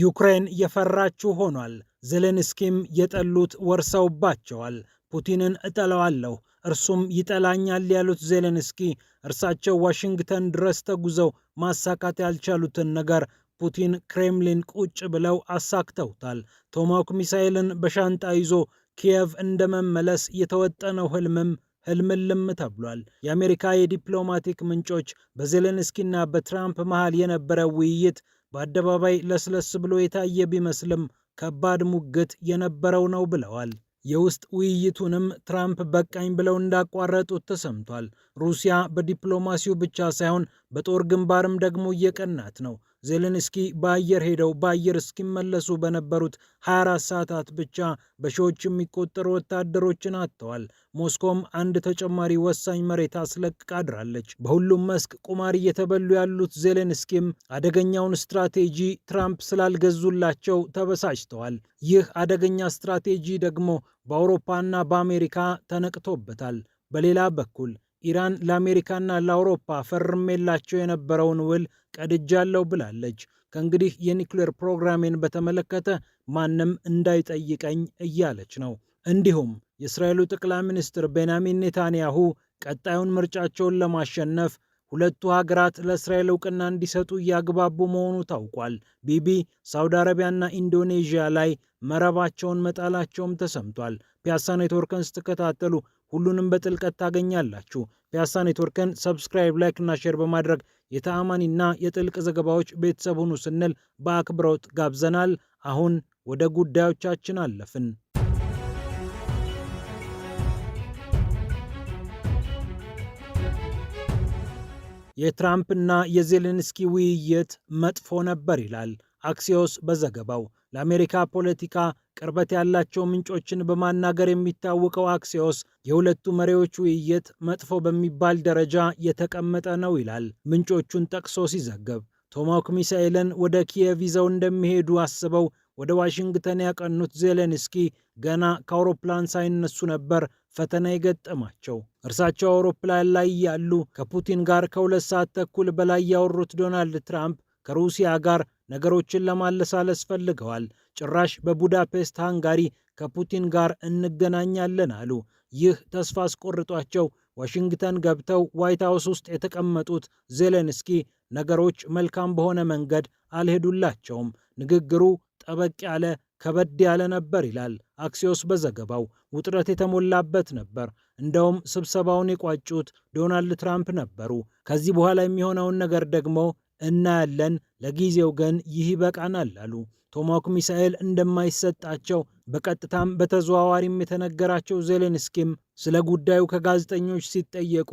ዩክሬን የፈራችው ሆኗል። ዜሌንስኪም የጠሉት ወርሰውባቸዋል። ፑቲንን እጠለዋለሁ እርሱም ይጠላኛል ያሉት ዜሌንስኪ እርሳቸው ዋሽንግተን ድረስ ተጉዘው ማሳካት ያልቻሉትን ነገር ፑቲን ክሬምሊን ቁጭ ብለው አሳክተውታል። ቶማሃውክ ሚሳይልን በሻንጣ ይዞ ኪየቭ እንደመመለስ የተወጠነው ህልምም ህልምልም ተብሏል። የአሜሪካ የዲፕሎማቲክ ምንጮች በዜሌንስኪና በትራምፕ መሃል የነበረው ውይይት በአደባባይ ለስለስ ብሎ የታየ ቢመስልም ከባድ ሙግት የነበረው ነው ብለዋል። የውስጥ ውይይቱንም ትራምፕ በቃኝ ብለው እንዳቋረጡት ተሰምቷል። ሩሲያ በዲፕሎማሲው ብቻ ሳይሆን በጦር ግንባርም ደግሞ እየቀናት ነው። ዜሌንስኪ በአየር ሄደው በአየር እስኪመለሱ በነበሩት 24 ሰዓታት ብቻ በሺዎች የሚቆጠሩ ወታደሮችን አጥተዋል። ሞስኮም አንድ ተጨማሪ ወሳኝ መሬት አስለቅቃ አድራለች። በሁሉም መስክ ቁማር እየተበሉ ያሉት ዜሌንስኪም አደገኛውን ስትራቴጂ ትራምፕ ስላልገዙላቸው ተበሳጭተዋል። ይህ አደገኛ ስትራቴጂ ደግሞ በአውሮፓና በአሜሪካ ተነቅቶበታል። በሌላ በኩል ኢራን ለአሜሪካና ለአውሮፓ ፈርሜላቸው የነበረውን ውል ቀድጃለሁ ብላለች። ከእንግዲህ የኒውክሌር ፕሮግራሜን በተመለከተ ማንም እንዳይጠይቀኝ እያለች ነው። እንዲሁም የእስራኤሉ ጠቅላይ ሚኒስትር ቤንያሚን ኔታንያሁ ቀጣዩን ምርጫቸውን ለማሸነፍ ሁለቱ ሀገራት ለእስራኤል እውቅና እንዲሰጡ እያግባቡ መሆኑ ታውቋል። ቢቢ ሳውዲ አረቢያና ኢንዶኔዥያ ላይ መረባቸውን መጣላቸውም ተሰምቷል። ፒያሳ ኔትወርክን ስትከታተሉ ሁሉንም በጥልቀት ታገኛላችሁ። ፒያሳ ኔትወርክን ሰብስክራይብ፣ ላይክ እና ሼር በማድረግ የተአማኒና የጥልቅ ዘገባዎች ቤተሰብ ሁኑ ስንል በአክብሮት ጋብዘናል። አሁን ወደ ጉዳዮቻችን አለፍን። የትራምፕና የዜሌንስኪ ውይይት መጥፎ ነበር ይላል አክሲዮስ በዘገባው ለአሜሪካ ፖለቲካ ቅርበት ያላቸው ምንጮችን በማናገር የሚታወቀው አክሲዮስ የሁለቱ መሪዎች ውይይት መጥፎ በሚባል ደረጃ የተቀመጠ ነው ይላል ምንጮቹን ጠቅሶ ሲዘገብ። ቶማክ ሚሳኤልን ወደ ኪየቭ ይዘው እንደሚሄዱ አስበው ወደ ዋሽንግተን ያቀኑት ዜሌንስኪ ገና ከአውሮፕላን ሳይነሱ ነበር ፈተና የገጠማቸው። እርሳቸው አውሮፕላን ላይ ያሉ ከፑቲን ጋር ከሁለት ሰዓት ተኩል በላይ ያወሩት ዶናልድ ትራምፕ ከሩሲያ ጋር ነገሮችን ለማለሳለስ ፈልገዋል። ጭራሽ በቡዳፔስት ሃንጋሪ ከፑቲን ጋር እንገናኛለን አሉ። ይህ ተስፋ አስቆርጧቸው ዋሽንግተን ገብተው ዋይት ሀውስ ውስጥ የተቀመጡት ዜሌንስኪ ነገሮች መልካም በሆነ መንገድ አልሄዱላቸውም። ንግግሩ ጠበቅ ያለ ከበድ ያለ ነበር ይላል አክሲዮስ በዘገባው። ውጥረት የተሞላበት ነበር። እንደውም ስብሰባውን የቋጩት ዶናልድ ትራምፕ ነበሩ። ከዚህ በኋላ የሚሆነውን ነገር ደግሞ እናያለን። ለጊዜው ግን ይህ ይበቃናል አሉ። ቶማሃውክ ሚሳኤል እንደማይሰጣቸው በቀጥታም በተዘዋዋሪም የተነገራቸው ዜሌንስኪም ስለ ጉዳዩ ከጋዜጠኞች ሲጠየቁ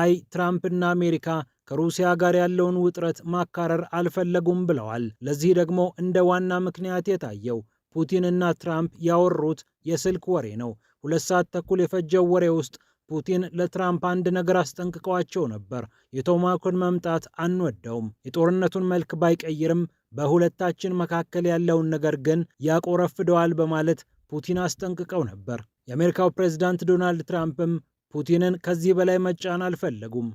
አይ ትራምፕና አሜሪካ ከሩሲያ ጋር ያለውን ውጥረት ማካረር አልፈለጉም ብለዋል። ለዚህ ደግሞ እንደ ዋና ምክንያት የታየው ፑቲንና ትራምፕ ያወሩት የስልክ ወሬ ነው። ሁለት ሰዓት ተኩል የፈጀው ወሬ ውስጥ ፑቲን ለትራምፕ አንድ ነገር አስጠንቅቀዋቸው ነበር። የቶማኮን መምጣት አንወደውም። የጦርነቱን መልክ ባይቀይርም በሁለታችን መካከል ያለውን ነገር ግን ያቆረፍደዋል በማለት ፑቲን አስጠንቅቀው ነበር። የአሜሪካው ፕሬዝዳንት ዶናልድ ትራምፕም ፑቲንን ከዚህ በላይ መጫን አልፈለጉም።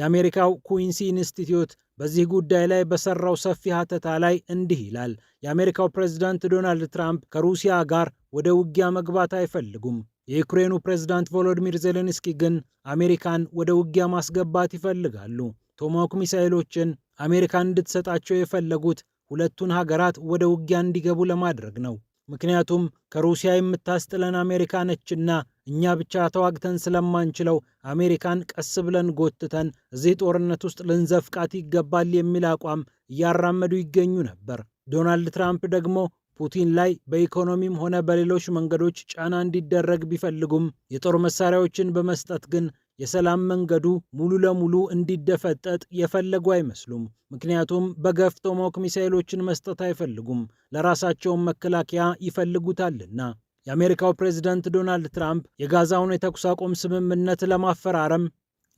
የአሜሪካው ኩዊንሲ ኢንስቲትዩት በዚህ ጉዳይ ላይ በሰራው ሰፊ ሀተታ ላይ እንዲህ ይላል። የአሜሪካው ፕሬዝዳንት ዶናልድ ትራምፕ ከሩሲያ ጋር ወደ ውጊያ መግባት አይፈልጉም። የዩክሬኑ ፕሬዝዳንት ቮሎዲሚር ዜሌንስኪ ግን አሜሪካን ወደ ውጊያ ማስገባት ይፈልጋሉ። ቶማሃውክ ሚሳይሎችን አሜሪካን እንድትሰጣቸው የፈለጉት ሁለቱን ሀገራት ወደ ውጊያ እንዲገቡ ለማድረግ ነው። ምክንያቱም ከሩሲያ የምታስጥለን አሜሪካ ነችና እኛ ብቻ ተዋግተን ስለማንችለው አሜሪካን ቀስ ብለን ጎትተን እዚህ ጦርነት ውስጥ ልንዘፍቃት ይገባል የሚል አቋም እያራመዱ ይገኙ ነበር። ዶናልድ ትራምፕ ደግሞ ፑቲን ላይ በኢኮኖሚም ሆነ በሌሎች መንገዶች ጫና እንዲደረግ ቢፈልጉም የጦር መሳሪያዎችን በመስጠት ግን የሰላም መንገዱ ሙሉ ለሙሉ እንዲደፈጠጥ የፈለጉ አይመስሉም። ምክንያቱም በገፍ ቶማሆክ ሚሳይሎችን መስጠት አይፈልጉም፣ ለራሳቸውን መከላከያ ይፈልጉታልና። የአሜሪካው ፕሬዝደንት ዶናልድ ትራምፕ የጋዛውን የተኩስ አቁም ስምምነት ለማፈራረም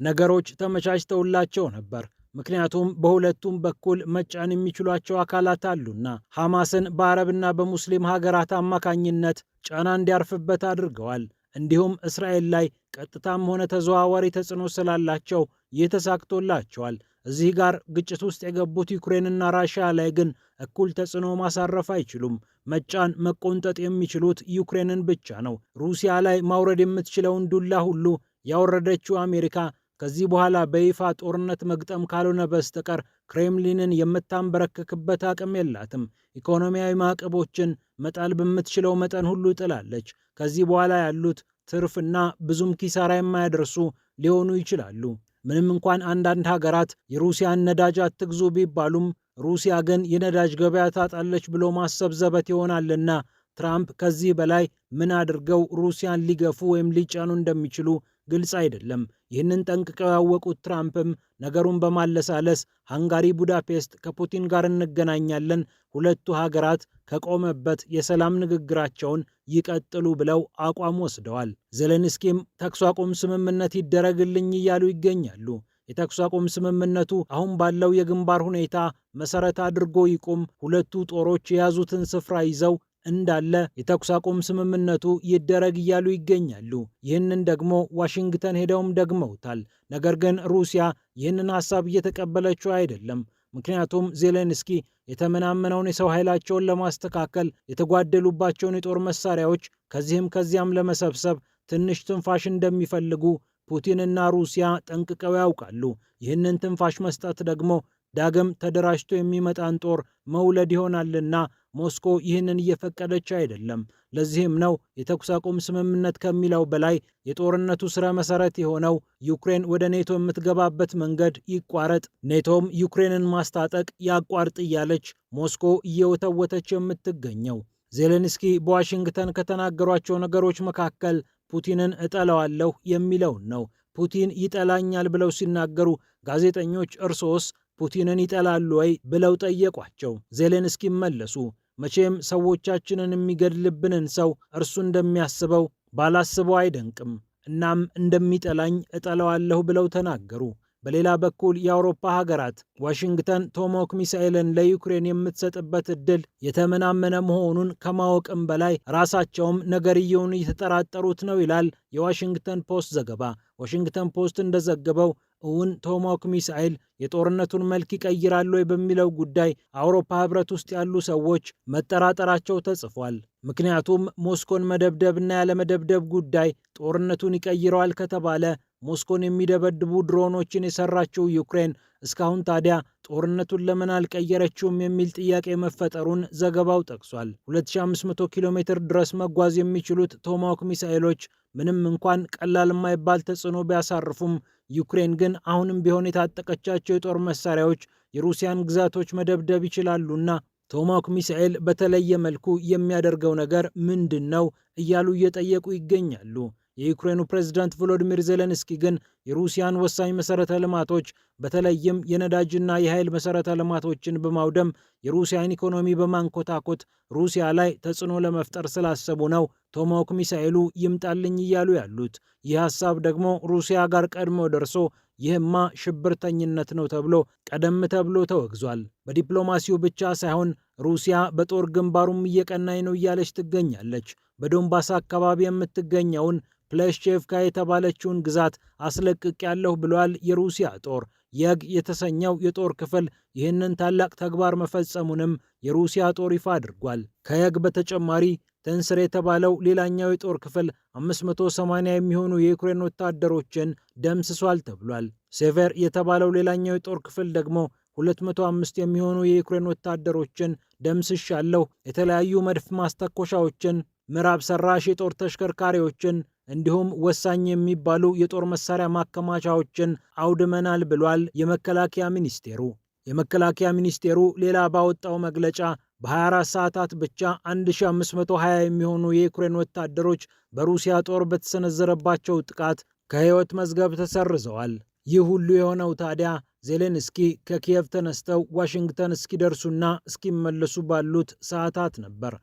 ነገሮች ተመቻችተውላቸው ነበር። ምክንያቱም በሁለቱም በኩል መጫን የሚችሏቸው አካላት አሉና ሐማስን በአረብና በሙስሊም ሀገራት አማካኝነት ጫና እንዲያርፍበት አድርገዋል። እንዲሁም እስራኤል ላይ ቀጥታም ሆነ ተዘዋዋሪ ተጽዕኖ ስላላቸው ይህ ተሳክቶላቸዋል። እዚህ ጋር ግጭት ውስጥ የገቡት ዩክሬንና ራሽያ ላይ ግን እኩል ተጽዕኖ ማሳረፍ አይችሉም። መጫን መቆንጠጥ የሚችሉት ዩክሬንን ብቻ ነው። ሩሲያ ላይ ማውረድ የምትችለውን ዱላ ሁሉ ያወረደችው አሜሪካ ከዚህ በኋላ በይፋ ጦርነት መግጠም ካልሆነ በስተቀር ክሬምሊንን የምታንበረክክበት አቅም የላትም። ኢኮኖሚያዊ ማዕቀቦችን መጣል በምትችለው መጠን ሁሉ ጥላለች። ከዚህ በኋላ ያሉት ትርፍና ብዙም ኪሳራ የማያደርሱ ሊሆኑ ይችላሉ። ምንም እንኳን አንዳንድ ሀገራት የሩሲያን ነዳጅ አትግዙ ቢባሉም ሩሲያ ግን የነዳጅ ገበያ ታጣለች ብሎ ማሰብ ዘበት ይሆናልና ትራምፕ ከዚህ በላይ ምን አድርገው ሩሲያን ሊገፉ ወይም ሊጫኑ እንደሚችሉ ግልጽ አይደለም። ይህንን ጠንቅቀው ያወቁት ትራምፕም ነገሩን በማለሳለስ ሃንጋሪ ቡዳፔስት ከፑቲን ጋር እንገናኛለን፣ ሁለቱ ሀገራት ከቆመበት የሰላም ንግግራቸውን ይቀጥሉ ብለው አቋም ወስደዋል። ዜሌንስኪም ተኩስ አቁም ስምምነት ይደረግልኝ እያሉ ይገኛሉ። የተኩስ አቁም ስምምነቱ አሁን ባለው የግንባር ሁኔታ መሰረት አድርጎ ይቁም፣ ሁለቱ ጦሮች የያዙትን ስፍራ ይዘው እንዳለ የተኩስ አቁም ስምምነቱ ይደረግ እያሉ ይገኛሉ። ይህንን ደግሞ ዋሽንግተን ሄደውም ደግመውታል። ነገር ግን ሩሲያ ይህንን ሀሳብ እየተቀበለችው አይደለም። ምክንያቱም ዜሌንስኪ የተመናመነውን የሰው ኃይላቸውን ለማስተካከል የተጓደሉባቸውን የጦር መሳሪያዎች ከዚህም ከዚያም ለመሰብሰብ ትንሽ ትንፋሽ እንደሚፈልጉ ፑቲንና ሩሲያ ጠንቅቀው ያውቃሉ። ይህንን ትንፋሽ መስጠት ደግሞ ዳግም ተደራጅቶ የሚመጣን ጦር መውለድ ይሆናልና ሞስኮ ይህንን እየፈቀደች አይደለም። ለዚህም ነው የተኩስ አቁም ስምምነት ከሚለው በላይ የጦርነቱ ስረ መሰረት የሆነው ዩክሬን ወደ ኔቶ የምትገባበት መንገድ ይቋረጥ፣ ኔቶም ዩክሬንን ማስታጠቅ ያቋርጥ እያለች ሞስኮ እየወተወተች የምትገኘው። ዜሌንስኪ በዋሽንግተን ከተናገሯቸው ነገሮች መካከል ፑቲንን እጠለዋለሁ የሚለውን ነው። ፑቲን ይጠላኛል ብለው ሲናገሩ ጋዜጠኞች እርሶስ ፑቲንን ይጠላሉ ወይ ብለው ጠየቋቸው። ዜሌንስኪ መለሱ፣ መቼም ሰዎቻችንን የሚገድልብንን ሰው እርሱ እንደሚያስበው ባላስበው አይደንቅም። እናም እንደሚጠላኝ እጠለዋለሁ ብለው ተናገሩ። በሌላ በኩል የአውሮፓ ሀገራት ዋሽንግተን ቶሞክ ሚሳኤልን ለዩክሬን የምትሰጥበት እድል የተመናመነ መሆኑን ከማወቅም በላይ ራሳቸውም ነገርየውን እየተጠራጠሩት ነው ይላል የዋሽንግተን ፖስት ዘገባ። ዋሽንግተን ፖስት እንደዘገበው እውን ቶማክ ሚሳኤል የጦርነቱን መልክ ይቀይራሉ ወይ በሚለው ጉዳይ አውሮፓ ህብረት ውስጥ ያሉ ሰዎች መጠራጠራቸው ተጽፏል። ምክንያቱም ሞስኮን መደብደብና ያለመደብደብ ጉዳይ ጦርነቱን ይቀይረዋል ከተባለ ሞስኮን የሚደበድቡ ድሮኖችን የሰራችው ዩክሬን እስካሁን ታዲያ ጦርነቱን ለምን አልቀየረችውም የሚል ጥያቄ መፈጠሩን ዘገባው ጠቅሷል። 2500 ኪሎ ሜትር ድረስ መጓዝ የሚችሉት ቶማሃውክ ሚሳኤሎች ምንም እንኳን ቀላል የማይባል ተጽዕኖ ቢያሳርፉም ዩክሬን ግን አሁንም ቢሆን የታጠቀቻቸው የጦር መሳሪያዎች የሩሲያን ግዛቶች መደብደብ ይችላሉና ቶማክ ሚሳኤል በተለየ መልኩ የሚያደርገው ነገር ምንድን ነው እያሉ እየጠየቁ ይገኛሉ። የዩክሬኑ ፕሬዝዳንት ቮሎዲሚር ዜሌንስኪ ግን የሩሲያን ወሳኝ መሠረተ ልማቶች በተለይም የነዳጅና የኃይል መሠረተ ልማቶችን በማውደም የሩሲያን ኢኮኖሚ በማንኮታኮት ሩሲያ ላይ ተጽዕኖ ለመፍጠር ስላሰቡ ነው ቶማሆክ ሚሳኤሉ ይምጣልኝ እያሉ ያሉት። ይህ ሀሳብ ደግሞ ሩሲያ ጋር ቀድሞ ደርሶ ይህማ ሽብርተኝነት ነው ተብሎ ቀደም ተብሎ ተወግዟል። በዲፕሎማሲው ብቻ ሳይሆን ሩሲያ በጦር ግንባሩም እየቀናኝ ነው እያለች ትገኛለች። በዶንባስ አካባቢ የምትገኘውን ፕለሽቼቭካ የተባለችውን ግዛት አስለቅቄያለሁ ብሏል የሩሲያ ጦር። የግ የተሰኘው የጦር ክፍል ይህንን ታላቅ ተግባር መፈጸሙንም የሩሲያ ጦር ይፋ አድርጓል። ከየግ በተጨማሪ ትንስር የተባለው ሌላኛው የጦር ክፍል 580 የሚሆኑ የዩክሬን ወታደሮችን ደምስሷል ተብሏል። ሴቨር የተባለው ሌላኛው የጦር ክፍል ደግሞ 205 የሚሆኑ የዩክሬን ወታደሮችን ደምስሻለሁ፣ የተለያዩ መድፍ ማስተኮሻዎችን፣ ምዕራብ ሰራሽ የጦር ተሽከርካሪዎችን እንዲሁም ወሳኝ የሚባሉ የጦር መሳሪያ ማከማቻዎችን አውድመናል ብሏል የመከላከያ ሚኒስቴሩ። የመከላከያ ሚኒስቴሩ ሌላ ባወጣው መግለጫ በ24 ሰዓታት ብቻ 1520 የሚሆኑ የዩክሬን ወታደሮች በሩሲያ ጦር በተሰነዘረባቸው ጥቃት ከሕይወት መዝገብ ተሰርዘዋል። ይህ ሁሉ የሆነው ታዲያ ዜሌንስኪ ከኪየቭ ተነስተው ዋሽንግተን እስኪደርሱና እስኪመለሱ ባሉት ሰዓታት ነበር።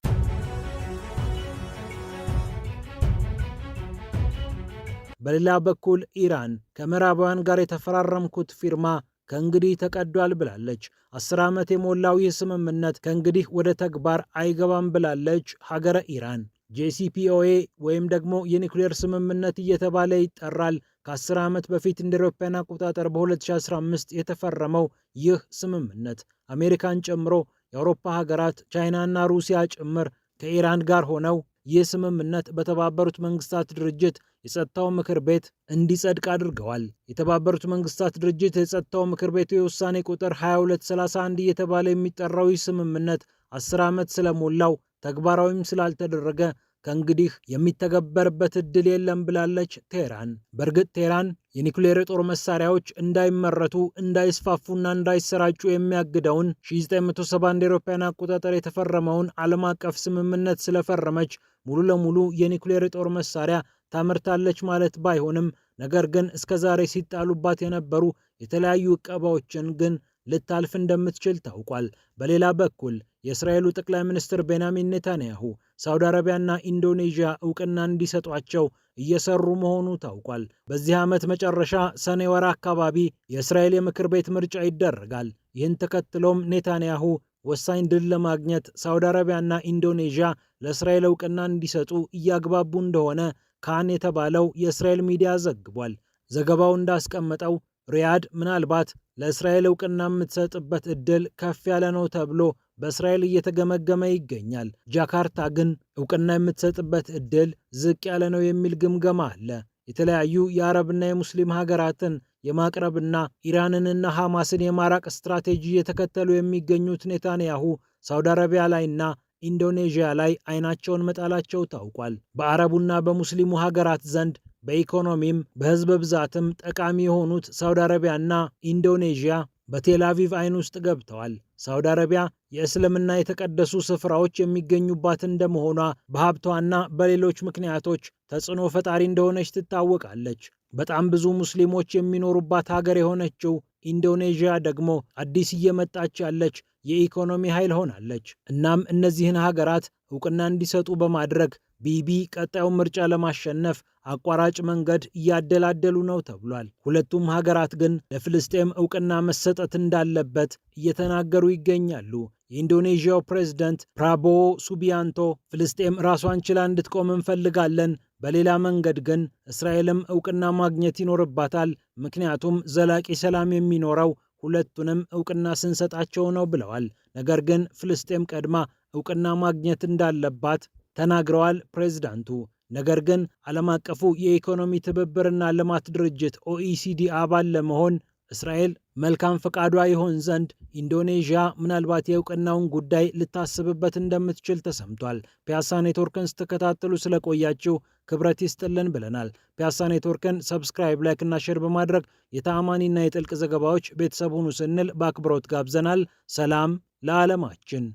በሌላ በኩል ኢራን ከምዕራባውያን ጋር የተፈራረምኩት ፊርማ ከእንግዲህ ተቀዷል ብላለች። አስር ዓመት የሞላው ይህ ስምምነት ከእንግዲህ ወደ ተግባር አይገባም ብላለች ሀገረ ኢራን። ጄሲፒኦኤ ወይም ደግሞ የኒውክሌር ስምምነት እየተባለ ይጠራል። ከአስር ዓመት በፊት እንደ አውሮፓውያን አቆጣጠር በ2015 የተፈረመው ይህ ስምምነት አሜሪካን ጨምሮ የአውሮፓ ሀገራት ቻይናና ሩሲያ ጭምር ከኢራን ጋር ሆነው ይህ ስምምነት በተባበሩት መንግስታት ድርጅት የጸጥታው ምክር ቤት እንዲጸድቅ አድርገዋል። የተባበሩት መንግስታት ድርጅት የጸጥታው ምክር ቤቱ የውሳኔ ቁጥር 2231 እየተባለ የሚጠራው ይህ ስምምነት 10 ዓመት ስለሞላው ተግባራዊም ስላልተደረገ ከእንግዲህ የሚተገበርበት እድል የለም ብላለች ቴህራን። በእርግጥ ቴህራን የኒኩሌር የጦር መሳሪያዎች እንዳይመረቱ እንዳይስፋፉና እንዳይሰራጩ የሚያግደውን 1970 እንደ አውሮፓውያን አቆጣጠር የተፈረመውን ዓለም አቀፍ ስምምነት ስለፈረመች ሙሉ ለሙሉ የኒኩሌር የጦር መሳሪያ ታመርታለች ማለት ባይሆንም ነገር ግን እስከዛሬ ሲጣሉባት የነበሩ የተለያዩ ዕቀባዎችን ግን ልታልፍ እንደምትችል ታውቋል። በሌላ በኩል የእስራኤሉ ጠቅላይ ሚኒስትር ቤንያሚን ኔታንያሁ ሳውዲ አረቢያና ኢንዶኔዥያ እውቅና እንዲሰጧቸው እየሰሩ መሆኑ ታውቋል። በዚህ ዓመት መጨረሻ ሰኔ ወር አካባቢ የእስራኤል የምክር ቤት ምርጫ ይደረጋል። ይህን ተከትሎም ኔታንያሁ ወሳኝ ድል ለማግኘት ሳውዲ አረቢያና ኢንዶኔዥያ ለእስራኤል እውቅና እንዲሰጡ እያግባቡ እንደሆነ ካን የተባለው የእስራኤል ሚዲያ ዘግቧል። ዘገባው እንዳስቀመጠው ሪያድ ምናልባት ለእስራኤል እውቅና የምትሰጥበት እድል ከፍ ያለ ነው ተብሎ በእስራኤል እየተገመገመ ይገኛል። ጃካርታ ግን እውቅና የምትሰጥበት እድል ዝቅ ያለ ነው የሚል ግምገማ አለ። የተለያዩ የአረብና የሙስሊም ሀገራትን የማቅረብና ኢራንንና ሐማስን የማራቅ ስትራቴጂ እየተከተሉ የሚገኙት ኔታንያሁ ሳውዲ አረቢያ ላይና ኢንዶኔዥያ ላይ አይናቸውን መጣላቸው ታውቋል። በአረቡና በሙስሊሙ ሀገራት ዘንድ በኢኮኖሚም በህዝብ ብዛትም ጠቃሚ የሆኑት ሳውዲ አረቢያና ኢንዶኔዥያ በቴል አቪቭ አይን ውስጥ ገብተዋል። ሳውዲ አረቢያ የእስልምና የተቀደሱ ስፍራዎች የሚገኙባት እንደመሆኗ በሀብቷና በሌሎች ምክንያቶች ተጽዕኖ ፈጣሪ እንደሆነች ትታወቃለች። በጣም ብዙ ሙስሊሞች የሚኖሩባት ሀገር የሆነችው ኢንዶኔዥያ ደግሞ አዲስ እየመጣች ያለች የኢኮኖሚ ኃይል ሆናለች። እናም እነዚህን ሀገራት እውቅና እንዲሰጡ በማድረግ ቢቢ ቀጣዩን ምርጫ ለማሸነፍ አቋራጭ መንገድ እያደላደሉ ነው ተብሏል። ሁለቱም ሀገራት ግን ለፍልስጤም እውቅና መሰጠት እንዳለበት እየተናገሩ ይገኛሉ። የኢንዶኔዥያው ፕሬዝደንት ፕራቦዎ ሱቢያንቶ ፍልስጤም ራሷን ችላ እንድትቆም እንፈልጋለን፣ በሌላ መንገድ ግን እስራኤልም እውቅና ማግኘት ይኖርባታል፣ ምክንያቱም ዘላቂ ሰላም የሚኖረው ሁለቱንም እውቅና ስንሰጣቸው ነው ብለዋል። ነገር ግን ፍልስጤም ቀድማ እውቅና ማግኘት እንዳለባት ተናግረዋል ፕሬዝዳንቱ። ነገር ግን ዓለም አቀፉ የኢኮኖሚ ትብብርና ልማት ድርጅት ኦኢሲዲ አባል ለመሆን እስራኤል መልካም ፈቃዷ ይሆን ዘንድ ኢንዶኔዥያ ምናልባት የእውቅናውን ጉዳይ ልታስብበት እንደምትችል ተሰምቷል። ፒያሳ ኔትወርክን ስትከታተሉ ስለቆያችሁ ክብረት ይስጥልን ብለናል። ፒያሳ ኔትወርክን ሰብስክራይብ፣ ላይክ እና ሼር በማድረግ የተአማኒና የጥልቅ ዘገባዎች ቤተሰብ ሁኑ ስንል በአክብሮት ጋብዘናል። ሰላም ለዓለማችን።